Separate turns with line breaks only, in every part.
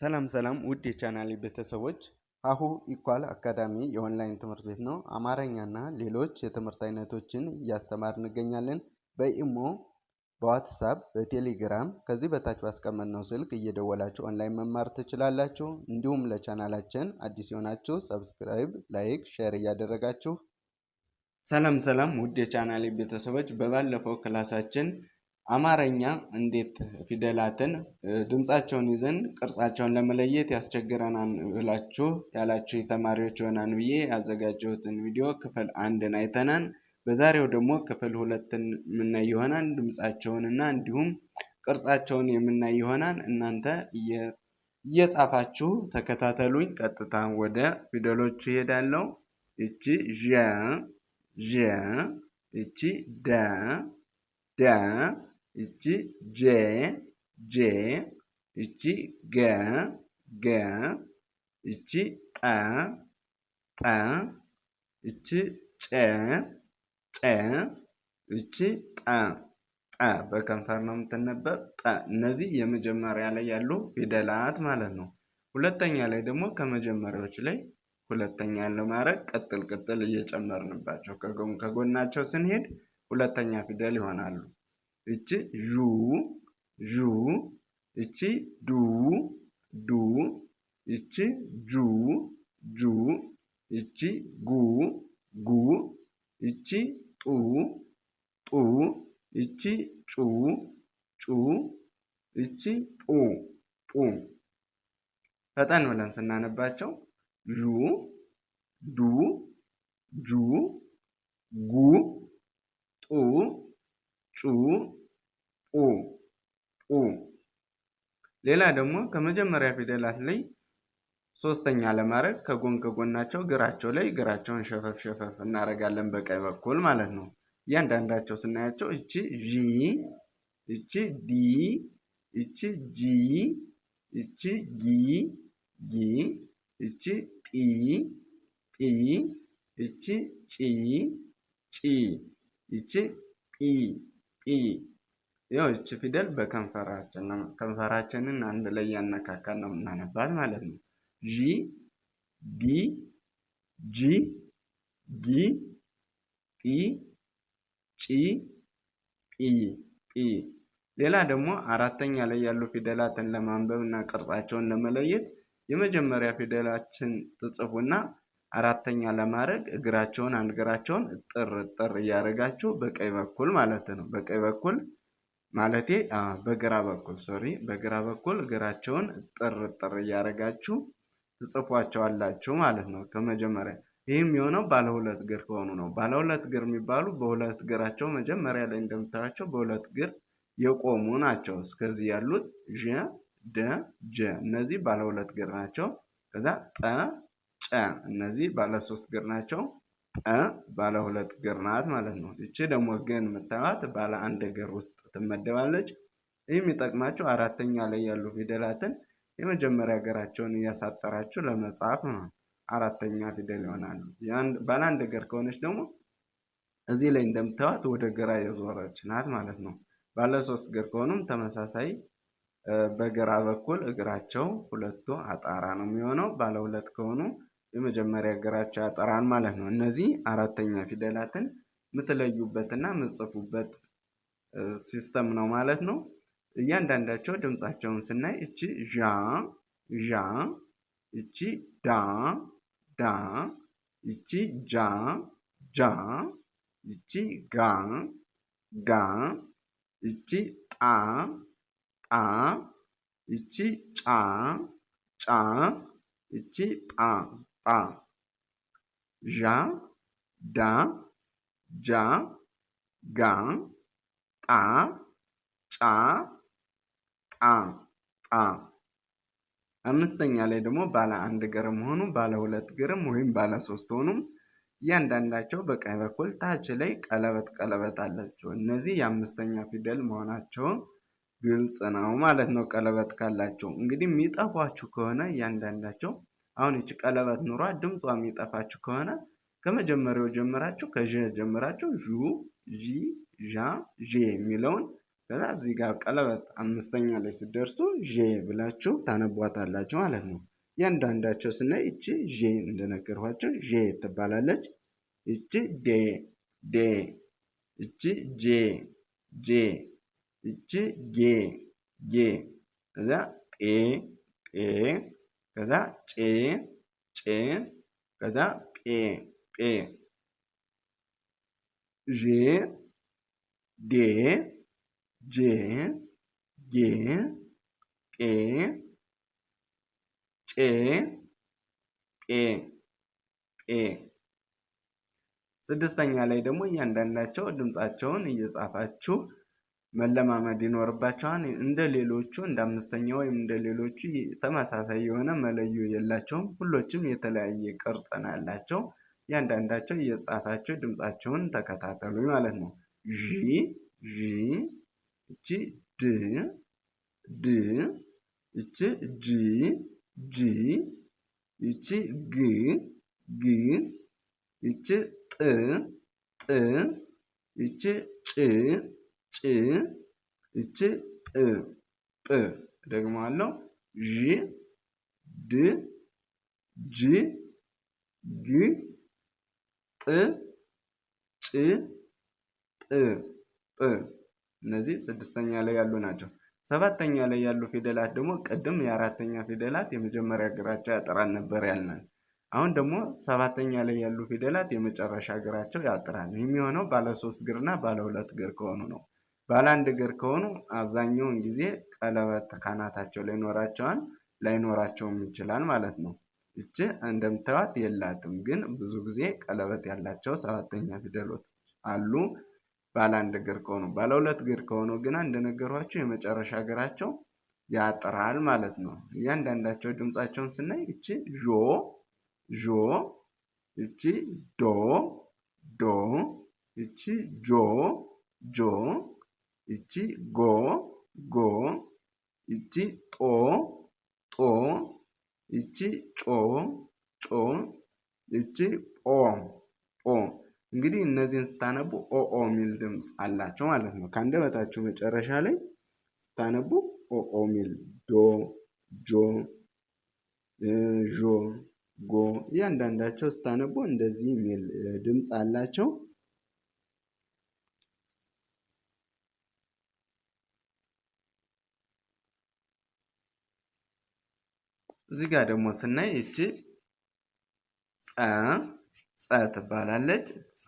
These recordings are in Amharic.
ሰላም ሰላም ውድ የቻናሌ ቤተሰቦች ሀሁ ኢኳል አካዳሚ የኦንላይን ትምህርት ቤት ነው። አማረኛና ሌሎች የትምህርት አይነቶችን እያስተማር እንገኛለን። በኢሞ፣ በዋትሳፕ፣ በቴሌግራም ከዚህ በታች ባስቀመጥነው ስልክ እየደወላችሁ ኦንላይን መማር ትችላላችሁ። እንዲሁም ለቻናላችን አዲስ የሆናችሁ ሰብስክራይብ፣ ላይክ፣ ሼር እያደረጋችሁ ሰላም ሰላም ውድ የቻናሌ ቤተሰቦች በባለፈው ክላሳችን አማርኛ እንዴት ፊደላትን ድምፃቸውን ይዘን ቅርጻቸውን ለመለየት ያስቸግረናል ብላችሁ ያላችሁ ተማሪዎች ሆናን ብዬ ያዘጋጀሁትን ቪዲዮ ክፍል አንድን አይተናል። በዛሬው ደግሞ ክፍል ሁለትን የምናይ ይሆናል። ድምፃቸውንና እንዲሁም ቅርጻቸውን የምናይ ይሆናል። እናንተ እየጻፋችሁ ተከታተሉኝ። ቀጥታ ወደ ፊደሎቹ ይሄዳለው። እቺ ዣ ዣ እቺ ደ ደ ይቺ ጄ ጄ ይቺ ገ ገ ይቺ ጠ ጠ ይቺ ጨ ጨ ይቺ ጣ ጣ በከንፈር ነው የምትነበብ ጣ። እነዚህ የመጀመሪያ ላይ ያሉ ፊደላት ማለት ነው። ሁለተኛ ላይ ደግሞ ከመጀመሪያዎች ላይ ሁለተኛ ለማድረግ ቅጥል ቅጥል እየጨመርንባቸው ከጎናቸው ስንሄድ ሁለተኛ ፊደል ይሆናሉ። ይቺ ዡ ዡ ይቺ ዱ ዱ ይቺ ጁ ጁ ይቺ ጉ ጉ ይቺ ጡ ጡ ይቺ ጩ ጩ ይቺ ጡ ጡ ፈጠን ብለን ስናነባቸው ዡ ዱ ጁ ጉ ጡ ጩ ኡ ኡ ሌላ ደግሞ ከመጀመሪያ ፊደላት ላይ ሶስተኛ ለማድረግ ከጎን ከጎናቸው እግራቸው ላይ እግራቸውን ሸፈፍ ሸፈፍ እናደርጋለን በቀኝ በኩል ማለት ነው። እያንዳንዳቸው ስናያቸው እቺ ዢ፣ እቺ ዲ፣ እቺ ጂ፣ እቺ ጊ ጊ፣ እቺ ጢ ጢ፣ እቺ ጪ ጪ፣ እቺ ጲ ጲ ያው ይቺ ፊደል በከንፈራችን ነው ከንፈራችንን አንድ ላይ ያነካካን ነው የምናነባት ማለት ነው። ዢ ዲ ጂ ጊ ጢ ጪ ጲ ጲ። ሌላ ደግሞ አራተኛ ላይ ያሉ ፊደላትን ለማንበብ እና ቅርጻቸውን ለመለየት የመጀመሪያ ፊደላችን ትጽፉና አራተኛ ለማድረግ እግራቸውን አንድ እግራቸውን እጥር እጥር እያደረጋችሁ በቀኝ በኩል ማለት ነው በቀኝ በኩል ማለቴ በግራ በኩል ሶሪ በግራ በኩል እግራቸውን ጥርጥር ጥር እያደረጋችሁ ትጽፏቸዋላችሁ ማለት ነው። ከመጀመሪያ ይህም የሆነው ባለ ሁለት እግር ከሆኑ ነው። ባለ ሁለት እግር የሚባሉ በሁለት እግራቸው መጀመሪያ ላይ እንደምታያቸው በሁለት እግር የቆሙ ናቸው። እስከዚህ ያሉት ዠ፣ ደ፣ ጀ እነዚህ ባለ ሁለት እግር ናቸው። ከዛ ጠ፣ ጨ እነዚህ ባለ ሶስት እግር ናቸው። ባለ ሁለት እግር ናት ማለት ነው። ይቺ ደግሞ ግን የምታዩት ባለ አንድ እግር ውስጥ ትመደባለች። ይህ የሚጠቅማችሁ አራተኛ ላይ ያሉ ፊደላትን የመጀመሪያ እግራቸውን እያሳጠራችሁ ለመጻፍ ነው። አራተኛ ፊደል ይሆናሉ። ባለ አንድ እግር ከሆነች ደግሞ እዚህ ላይ እንደምታዩት ወደ ግራ የዞረች ናት ማለት ነው። ባለ ሶስት እግር ከሆኑም ተመሳሳይ በግራ በኩል እግራቸው ሁለቱ አጣራ ነው የሚሆነው። ባለ ሁለት ከሆኑ የመጀመሪያ ግራጫ ጠራን ማለት ነው። እነዚህ አራተኛ ፊደላትን የምትለዩበትና የምትጽፉበት ሲስተም ነው ማለት ነው። እያንዳንዳቸው ድምፃቸውን ስናይ እቺ ዣ ዣ፣ እቺ ዳ ዳ፣ እቺ ጃ ጃ፣ እቺ ጋ ጋ፣ እቺ ጣ ጣ፣ እቺ ጫ ጫ፣ እቺ ጳ ጣ ዣ ዳ ጃ ጋ ጣ ጫ ጣ ጣ። አምስተኛ ላይ ደግሞ ባለ አንድ ግርም ሆኑ ባለ ሁለት ግርም ወይም ባለ ሶስት ሆኑም እያንዳንዳቸው በቀኝ በኩል ታች ላይ ቀለበት ቀለበት አላቸው። እነዚህ የአምስተኛ ፊደል መሆናቸው ግልጽ ነው ማለት ነው። ቀለበት ካላቸው እንግዲህ የሚጠፏችሁ ከሆነ እያንዳንዳቸው አሁን ይቺ ቀለበት ኑሯ ድምጿ የሚጠፋችሁ ከሆነ ከመጀመሪያው ጀምራችሁ ከዥ ጀምራችሁ ዡ ዢ ዣ ዤ የሚለውን ከዛ እዚህ ጋር ቀለበት አምስተኛ ላይ ስደርሱ ዤ ብላችሁ ታነቧታላችሁ ማለት ነው። እያንዳንዳቸው ስናይ ይቺ ዤ እንደነገርኋቸው ዤ ትባላለች። ይቺ ዴ ዴ፣ ይቺ ጄ ጄ፣ ይቺ ጌ ጌ፣ እዛ ጤ ጤ ከዛ ጬ ጬ ከዛ ጴ ጴ ዤ ዴ ጄ ጌ ጤ ጬ ጴ ጴ ስድስተኛ ላይ ደግሞ እያንዳንዳቸው ድምፃቸውን እየጻፋችሁ መለማመድ ይኖርባቸዋል። እንደ ሌሎቹ እንደ አምስተኛ ወይም እንደ ሌሎቹ ተመሳሳይ የሆነ መለዮ የላቸውም። ሁሎችም የተለያየ ቅርጽ ነው ያላቸው። እያንዳንዳቸው እየጻፋቸው ድምፃቸውን ተከታተሉ ማለት ነው። ዢ ዢ እቺ ድ ድ እቺ ጂ ጂ እቺ ግ ግ እቺ ጥ ጥ እቺ ጭ ጭ እች ጵ ጵ ደግሞ አለው ዥ ድ ጅ ግ ጥ ጭ ጵ ጵ እነዚህ ስድስተኛ ላይ ያሉ ናቸው። ሰባተኛ ላይ ያሉ ፊደላት ደግሞ ቅድም የአራተኛ ፊደላት የመጀመሪያ እግራቸው ያጥራል ነበር ያልናል። አሁን ደግሞ ሰባተኛ ላይ ያሉ ፊደላት የመጨረሻ እግራቸው ያጥራል። ይህ የሚሆነው ባለ ሶስት እግርና ባለ ሁለት እግር ከሆኑ ነው። ባለ አንድ እግር ከሆኑ አብዛኛውን ጊዜ ቀለበት ካናታቸው ላይ ላይኖራቸውም ይችላል ማለት ነው። እች እንደምታዩት የላትም፣ ግን ብዙ ጊዜ ቀለበት ያላቸው ሰባተኛ ፊደሎች አሉ። ባለ አንድ እግር ከሆኑ ባለ ሁለት እግር ከሆኑ ግና እንደነገሯቸው የመጨረሻ እግራቸው ያጥራል ማለት ነው። እያንዳንዳቸው ድምፃቸውን ስናይ እቺ ዦ ዦ፣ እቺ ዶ ዶ፣ እቺ ጆ ጆ ይቺ ጎ ጎ ይቺ ጦ ጦ ይቺ ጮ ጮ ይቺ ኦ ኦ እንግዲህ እነዚህን ስታነቡ ኦ ኦ የሚል ድምፅ አላቸው ማለት ነው። ከአንደበታችሁ መጨረሻ ላይ ስታነቡ ኦ ኦ የሚል ዶ ጆ ዦ ጎ እያንዳንዳቸው ስታነቡ እንደዚህ የሚል ድምፅ አላቸው። እዚህ ጋር ደግሞ ስናይ እቺ ፀ ጸ ትባላለች። ጸ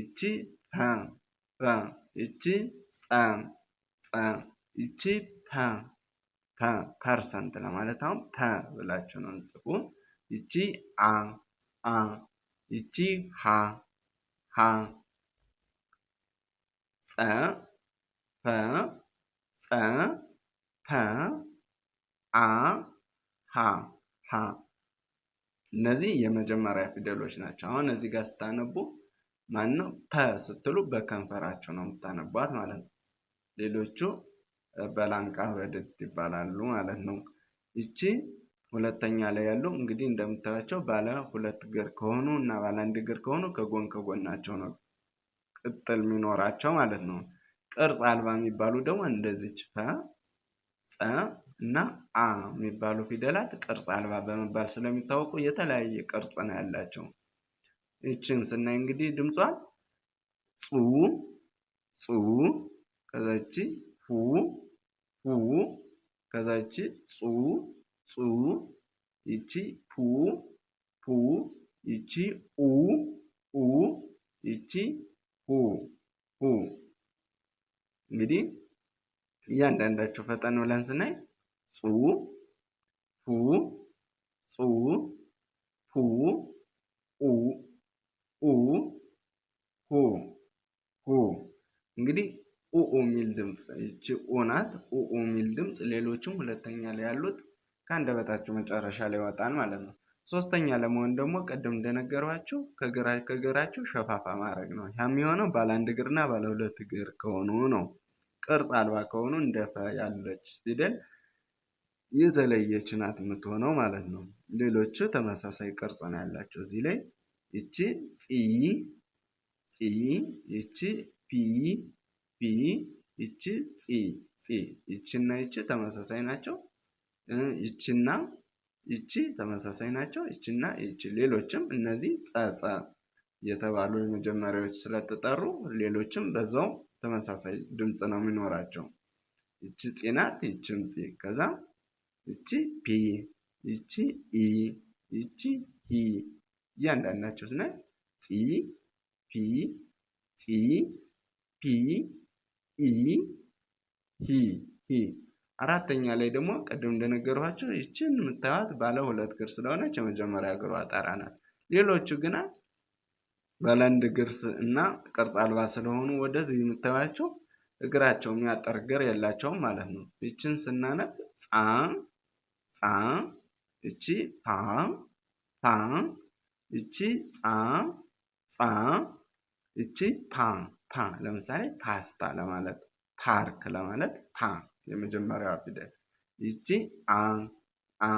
እቺ ፐ ፐ እቺ ጸ ጸ እቺ ፐ ፐ ፐርሰንት ለማለት አሁን ፐ ብላችሁ ነው ንጽፉ። እቺ አ አ እቺ ሀ ሀ ጸ ፐ ፀ ፐ አ ሀ ሀ እነዚህ የመጀመሪያ ፊደሎች ናቸው። አሁን እዚህ ጋር ስታነቡ ማን ነው ፐ ስትሉ በከንፈራቸው ነው የምታነቧት ማለት ነው። ሌሎቹ በላንቃ በድድ ይባላሉ ማለት ነው። ይቺ ሁለተኛ ላይ ያሉ እንግዲህ እንደምታያቸው ባለ ሁለት እግር ከሆኑ እና ባለ አንድ እግር ከሆኑ ከጎን ከጎናቸው ነው ቅጥል የሚኖራቸው ማለት ነው። ቅርጽ አልባ የሚባሉ ደግሞ እንደዚች ፈ ፀ፣ እና አ የሚባሉ ፊደላት ቅርጽ አልባ በመባል ስለሚታወቁ የተለያየ ቅርጽ ነው ያላቸው። ይችን ስናይ እንግዲህ ድምጿን ጹ ጹ ከዛቺ ሁ ሁ ከዛቺ ጹ ጹ ይቺ ፑ ፑ ይቺ ኡ ኡ ይቺ ሁ ሁ እንግዲህ እያንዳንዳቸው ፈጠን ብለን ስናይ ጹ ፉ ጹ ፑ ኡ ኡ ሁ ሁ እንግዲህ ኡ የሚል ድምፅ ይቺ ኡ ናት። ኡ የሚል ድምፅ ሌሎችም ሁለተኛ ላይ ያሉት ከአንደበታችሁ መጨረሻ ላይ ይወጣል ማለት ነው። ሶስተኛ ለመሆን ደግሞ ቅድም እንደነገሯችሁ ከግራ ሸፋፋ ማድረግ ነው። ያ የሚሆነው ባለ አንድ እግርና ባለ ሁለት እግር ከሆኑ ነው። ቅርጽ አልባ ከሆኑ እንደፈ ያለች ፊደል የተለየች ናት የምትሆነው ማለት ነው። ሌሎቹ ተመሳሳይ ቅርጽ ነው ያላቸው። እዚህ ላይ ይቺ ፂ ፂ ይቺ ፒ ፒ ይቺ ፂ ፂ ይቺና ይቺ ተመሳሳይ ናቸው። ይቺና ይቺ ተመሳሳይ ናቸው። ይቺና ይቺ ሌሎችም እነዚህ ጸጸ የተባሉ የመጀመሪያዎች ስለተጠሩ ሌሎችም በዛው ተመሳሳይ ድምፅ ነው የሚኖራቸው። ይቺ ፂ ናት። ይቺም ፂ ከዛ ይቺ ፒ ይቺ ኢ ይቺ ሂ እያንዳንዳቸው ስናይ ፂ ፒ ፂ ፒ ኢ ሂ ሂ አራተኛ ላይ ደግሞ ቅድም እንደነገርኋቸው ይችን የምታዩት ባለ ሁለት እግር ስለሆነች የመጀመሪያ እግሯ ጣራ ናት። ሌሎቹ ግና ባለአንድ እግር እና ቅርጽ አልባ ስለሆኑ ወደዚህ የምታዩቸው እግራቸው የሚያጠር እግር የላቸውም ማለት ነው። ይችን ስናነብ ጻ ጻ እቺ ፓ ፓ እቺ ጻ ጻ እቺ ፓ ፓ ለምሳሌ ፓስታ ለማለት ፓርክ ለማለት ፓ የመጀመሪያዋ ፊደል ይቺ አ አ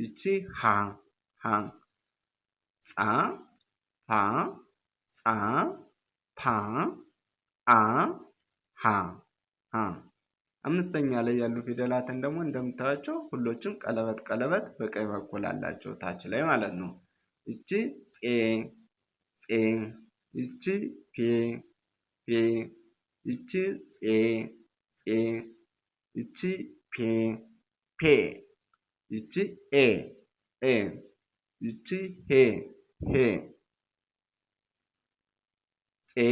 ይቺ ሃ ሃ ጻ ፓ ጻ ፓ አ ሃ ሃ አምስተኛ ላይ ያሉ ፊደላትን ደግሞ እንደምታያቸው ሁሎችም ቀለበት ቀለበት በቀኝ በኩል አላቸው ታች ላይ ማለት ነው። ይቺ ጼ ጼ፣ ይቺ ፔ ፔ፣ ይቺ ጼ ጼ፣ ይቺ ፔ ፔ፣ ይቺ ኤ ኤ፣ ይቺ ሄ ሄ።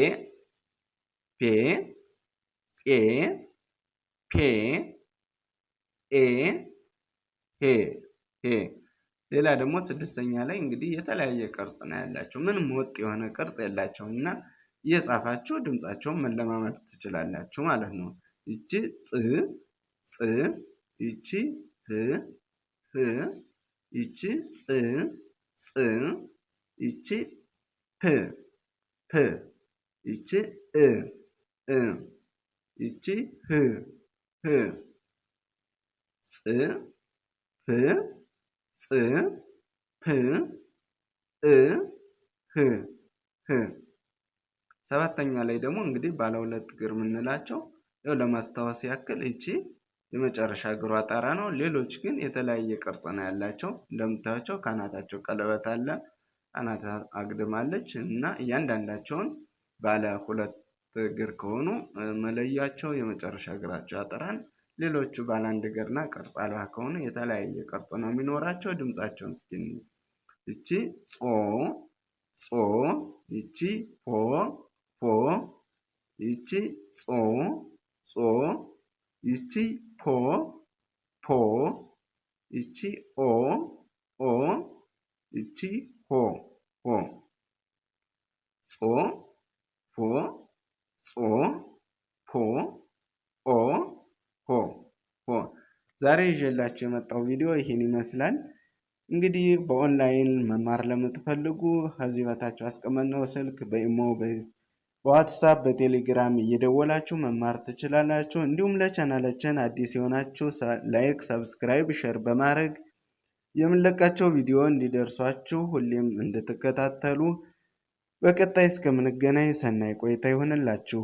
ጼ ፔ ጼ ኤ ሄ ሄ ሌላ ደግሞ ስድስተኛ ላይ እንግዲህ የተለያየ ቅርጽ ነው ያላቸው። ምንም ወጥ የሆነ ቅርጽ የላቸውም እና እየጻፋችሁ ድምፃቸውን መለማመድ ትችላላችሁ ማለት ነው። ይቺ ጽ ጽ ይቺ ህ ህ ይቺ ጽ ጽ ይቺ ፕ ፕ ይቺ እ እ ይቺ ህ ህ ፅ ፍ ፕ እ ህ ህ ሰባተኛ ላይ ደግሞ እንግዲህ ባለ ሁለት እግር የምንላቸው ያው ለማስታወስ ያክል እቺ የመጨረሻ እግሯ ጣራ ነው። ሌሎች ግን የተለያየ ቅርጽ ነው ያላቸው። እንደምታያቸው ከአናታቸው ቀለበት አለ፣ አናት አግድማለች እና እያንዳንዳቸውን ባለ ሁለት እግር ከሆኑ መለያቸው የመጨረሻ እግራቸው ያጠራል። ሌሎቹ ባለ አንድ እግርና ቅርጽ አልባ ከሆኑ የተለያየ ቅርጽ ነው የሚኖራቸው። ድምፃቸውን እስኪ ይቺ ጾ ጾ፣ ይቺ ፖ ፖ፣ ይቺ ጾ ጾ፣ ይቺ ፖ ፖ፣ ይቺ ኦ ኦ፣ ይቺ ሆ ሆ። ጾ ፎ ጾ ፖ ኦ ሆ ሆ። ዛሬ ይዤላችሁ የመጣው ቪዲዮ ይህን ይመስላል። እንግዲህ በኦንላይን መማር ለምትፈልጉ ከዚህ በታች አስቀመጥነው ስልክ በኢሞ፣ በዋትሳፕ፣ በቴሌግራም እየደወላችሁ መማር ትችላላችሁ። እንዲሁም ለቻናላችን አዲስ የሆናችሁ ላይክ፣ ሰብስክራይብ፣ ሸር በማድረግ የምንለቃቸው ቪዲዮ እንዲደርሷችሁ ሁሌም እንድትከታተሉ በቀጣይ እስከምንገናኝ ሰናይ ቆይታ ይሆንላችሁ።